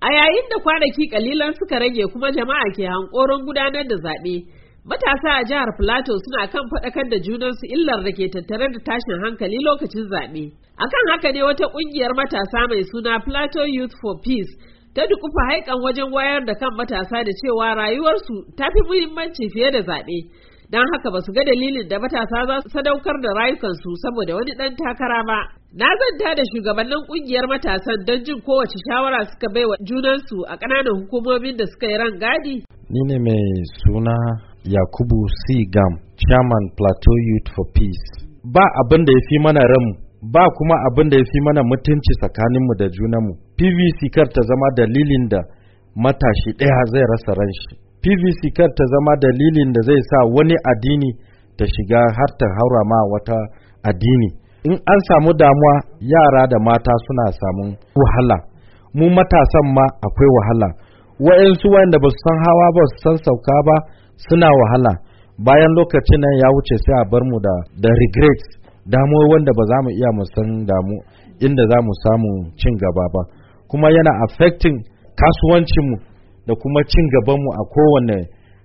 A yayin da kwanaki kalilan suka rage kuma jama'a ke hankoron gudanar da zaɓe, matasa a jihar Plateau suna kan faɗakar da junansu illar da ke tattare da tashin hankali lokacin zaɓe. Akan haka ne wata ƙungiyar matasa mai suna Plateau Youth for Peace ta dukufa haikan wajen wayar da kan matasa da cewa rayuwarsu ta fi muhimmanci fiye da zaɓe. Don haka ba su ga dalilin da matasa za su sadaukar da rayukansu saboda wani ɗan takara ba. Na zanta da shugabannin kungiyar matasan don jin kowace shawara suka bai wa junansu a ƙananan hukumomin da suka yi rangadi. Ni ne mai suna Yakubu C. Gam, Chairman Plateau Youth for Peace. Ba abin da ya fi mana ramu, ba kuma abin da ya fi mana mutunci tsakaninmu da junanmu. PVC kar ta zama dalilin da matashi ɗaya zai rasa ranshi. PVC kar ta zama dalilin da zai sa wani addini ta shiga har ta haura ma wata addini. in an samu damuwa yara da mata suna samun wahala mu matasan ma akwai wahala wa'yansu wanda ba su san hawa ba su san sauka ba suna wahala bayan lokacin nan ya wuce sai a bar mu da da regret damuwa wanda ba za mu iya mu san damu inda za mu samu cin gaba ba kuma yana affecting kasuwancinmu da kuma cin gabanmu a kowane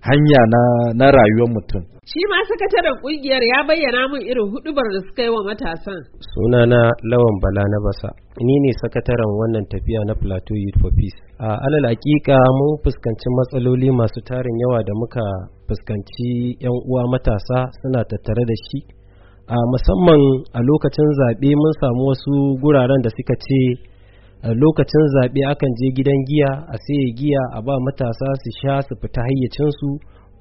hanya na, na rayuwar mutum. Shi ma sakataren ƙungiyar ya bayyana mun irin hudubar da suka yi wa matasan. suna na Lawan Bala na Basa. Ni ne sakataren wannan tafiya na Plateau Youth for Peace. A alal hakika mun fuskanci matsaloli masu tarin yawa da muka fuskanci 'yan uwa matasa suna tattare da shi. A musamman a lokacin zaɓe mun samu wasu guraren da suka ce lokacin zaɓe akan je gidan giya a sai giya a ba matasa su sha su fita hayyacinsu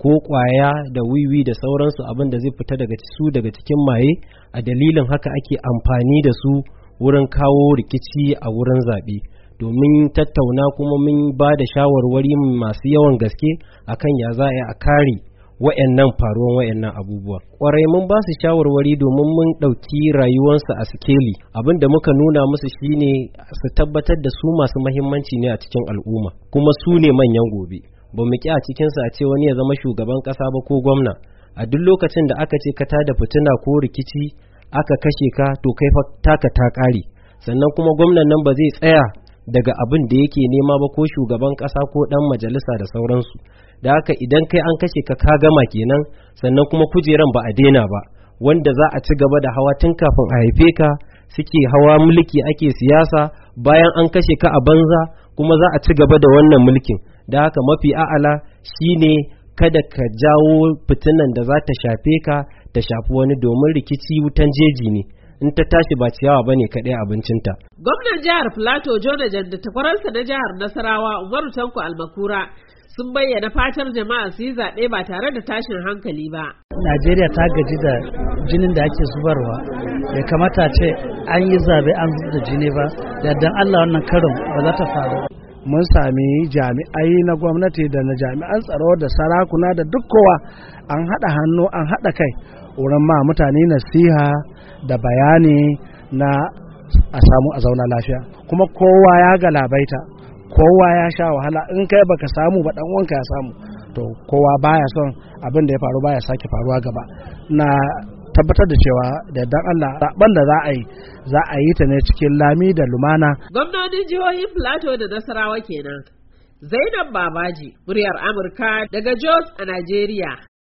ko ƙwaya da wiwi da sauransu abin da zai fita daga su daga cikin maye a dalilin haka ake amfani da su wurin kawo rikici a wurin zaɓe domin tattauna kuma mun ba da shawarwari masu yawan gaske akan ya za a kare wa'annan faruwan wa'annan abubuwa kwarai mun ba su shawarwari domin mun ɗauki rayuwarsu a sikeli abin da muka nuna musu shine su tabbatar da su masu mahimmanci ne a cikin al'umma kuma su ne manyan gobe ba mu ƙi a cikinsu a ce wani ya zama shugaban ƙasa ba ko gwamna a duk lokacin da aka ce ka da fitina ko rikici aka kashe ka to kai fa taka ta ƙare sannan kuma gwamnan nan ba zai tsaya daga abin da yake nema ba ko shugaban kasa ko ɗan majalisa da sauransu da haka idan kai an kashe ka ka gama kenan sannan kuma kujeran ba a daina ba wanda za a ci gaba da hawa tun kafin a haife ka suke hawa mulki ake siyasa bayan an kashe ka a banza kuma za a ci gaba da wannan mulkin da haka mafi a'ala shine kada ka jawo fitinan da za ta shafe ka ta shafi wani domin rikici wutan jeji ne in ta tashi ba ciyawa ba ne kaɗai abincinta. Gwamnan jihar Filato Jona da takwararsa na jihar Nasarawa Umaru Tanko Almakura sun bayyana fatar jama'a su yi zaɓe ba tare da tashin hankali ba. Najeriya ta gaji da jinin da ake zubarwa ya kamata ce an yi zaɓe an da jini ba yadda Allah wannan karin ba za ta faru. Mun sami jami'ai na gwamnati da na jami'an tsaro da sarakuna da duk kowa an haɗa hannu an haɗa kai wurin ma mutane nasiha da bayani na a samu a zauna lafiya kuma kowa ya galabaita kowa ya sha wahala in kai baka samu ba dan wanka ya samu to kowa baya son abin da ya faru baya sake faruwa gaba na tabbatar da cewa da dan Allah zaben da za a yi za a yi ta ne cikin lami da lumana gwamnonin jihohin Plateau da Nasarawa kenan Zainab Babaji muryar Amurka daga Jos a Najeriya